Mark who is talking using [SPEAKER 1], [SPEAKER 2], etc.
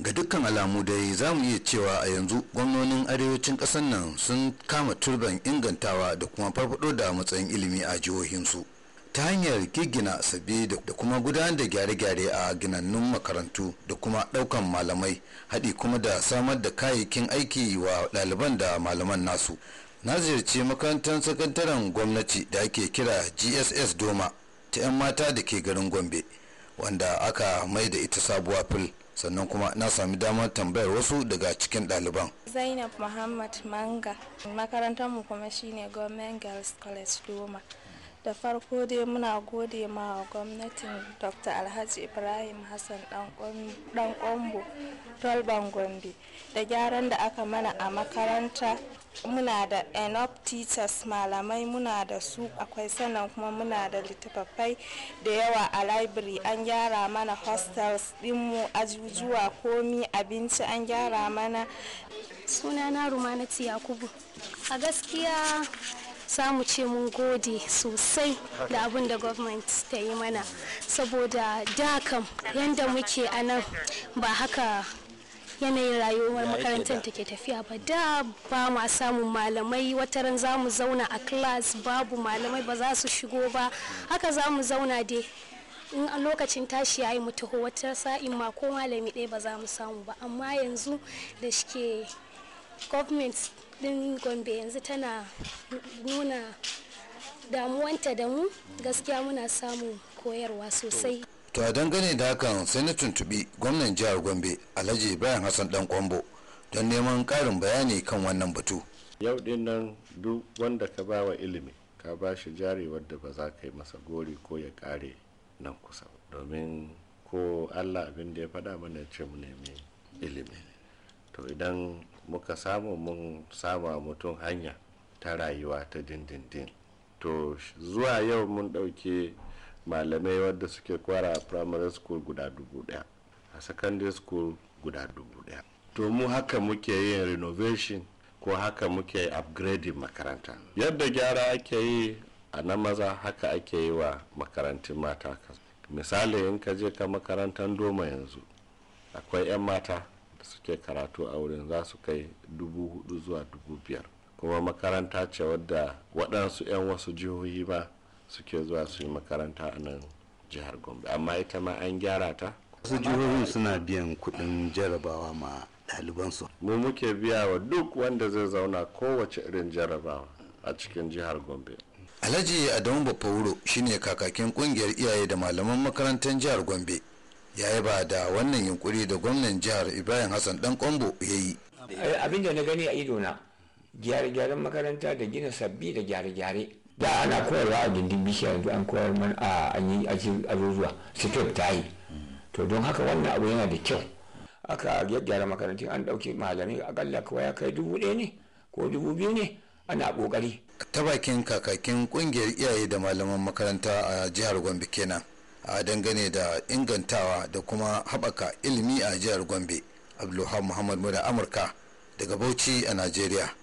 [SPEAKER 1] ga dukkan alamu dai za mu iya cewa a yanzu gwamnonin arewacin ƙasar nan sun kama turban ingantawa da kuma farfado da matsayin ilimi a jihohinsu ta hanyar gigina sabi da kuma gudanar da gyare-gyare a ginannun makarantu da kuma ɗaukan malamai haɗi kuma da samar da kayayyakin aiki wa ɗaliban da malaman nasu na ziyarci makarantar sakataren gwamnati da ake kira gss doma ta 'yan mata da ke garin gombe wanda aka mai da ita sabuwa fil sannan kuma na sami damar tambayar wasu daga cikin ɗaliban.
[SPEAKER 2] zainab muhammad manga makarantar mu kuma shine government girls college doma da farko dai muna gode ma gwamnatin dr alhaji ibrahim hassan dan kwambo tolban gombe da gyaran da aka mana a makaranta muna da enough teachers malamai muna da su akwai sannan kuma muna da littattafai da yawa a library an gyara mana hostels dinmu ajujuwa
[SPEAKER 3] komi abinci an gyara mana sunana rumanati yakubu a gaskiya za mu ce mun gode sosai da abin da gwamnati ta yi mana saboda da yadda muke a nan ba haka yanayin rayuwar makarantar take tafiya ba da ba ma samun malamai wataran za mu zauna a class babu malamai ba za su shigo ba haka za mu zauna dai in a lokacin tashi yi mu taho wata sa'in ma ko malami ɗaya ba za mu samu ba amma yanzu da shike government din gombe yanzu tana nuna damuwanta da mu gaskiya muna samun koyarwa sosai
[SPEAKER 1] to a dangane da hakan sai na tuntubi gwamnan jihar gombe alhaji bayan hassan dan kwambo don neman karin bayani kan wannan batu yau din
[SPEAKER 4] nan duk wanda ka ba wa ilimi ka ba shi jari wadda ba za ka yi masa gori ko ya kare nan kusa domin ko allah abin da ya faɗa mana ce mu nemi ilimi to idan muka samu mun sama mutum hanya ta rayuwa ta dindindin to zuwa yau mun ɗauke malamai wadda suke kwara a primary school guda dubu ɗaya a secondary school guda dubu ɗaya to mu haka muke yin renovation ko haka muke upgrading makaranta yadda gyara ake yi a na maza haka ake yi wa makarantun mata misali in ka je ka makarantar doma yanzu akwai 'yan mata da suke karatu a wurin za su kai dubu hudu zuwa dubu biyar kuma makaranta ce wadda waɗansu 'yan wasu jihohi ba suke zuwa su yi makaranta a nan jihar gombe amma ita ma an gyara ta
[SPEAKER 1] wasu jihohin
[SPEAKER 4] suna biyan kuɗin jarabawa ma ɗalibansu mu muke biya wa duk wanda zai zauna kowace irin jarabawa a cikin jihar gombe
[SPEAKER 1] alhaji adamu bafawuro shine kakakin kungiyar iyaye da malaman makarantar jihar gombe ya yaba da wannan yunkuri da gwamnan jihar ibrahim hassan dan kwambo ya yi
[SPEAKER 5] eh, abin da na gani a ido na, gyare-gyaren makaranta da gina sabbi da gyare-gyare da ana koyarwa a gindin bishiya yanzu an koyar man a an yi azuzuwa step ta yi to don haka wannan abu yana da kyau aka gyaggyara makaranta an ɗauki malamai akalla kawai ya kai dubu ɗaya ne ko dubu biyu ne
[SPEAKER 1] ana ƙoƙari ta bakin kakakin ƙungiyar iyaye da malaman makaranta a jihar gombe kenan a dangane da ingantawa da kuma haɓaka ilimi a jihar gombe abdulhamid muhammad muda amurka daga bauchi a nigeria.